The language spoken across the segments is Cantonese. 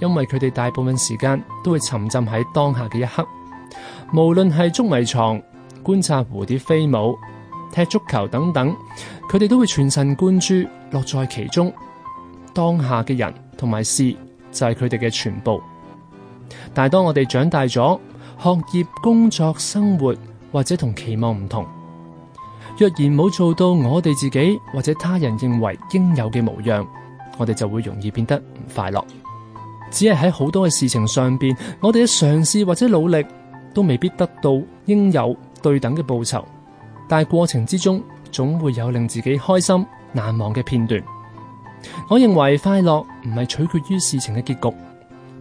因為佢哋大部分時間都會沉浸喺當下嘅一刻，無論係捉迷藏、觀察蝴蝶飛舞、踢足球等等，佢哋都會全神貫注，樂在其中。當下嘅人同埋事就係佢哋嘅全部。但當我哋長大咗，學業、工作、生活或者同期望唔同，若然冇做到我哋自己或者他人認為應有嘅模樣，我哋就會容易變得唔快樂。只係喺好多嘅事情上面，我哋嘅嘗試或者努力都未必得到應有對等嘅報酬，但係過程之中總會有令自己開心難忘嘅片段。我認為快樂唔係取決於事情嘅結局，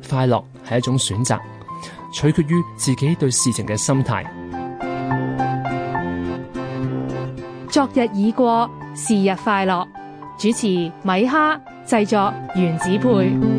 快樂係一種選擇，取決於自己對事情嘅心態。昨日已過，是日快樂。主持米哈，製作原子配。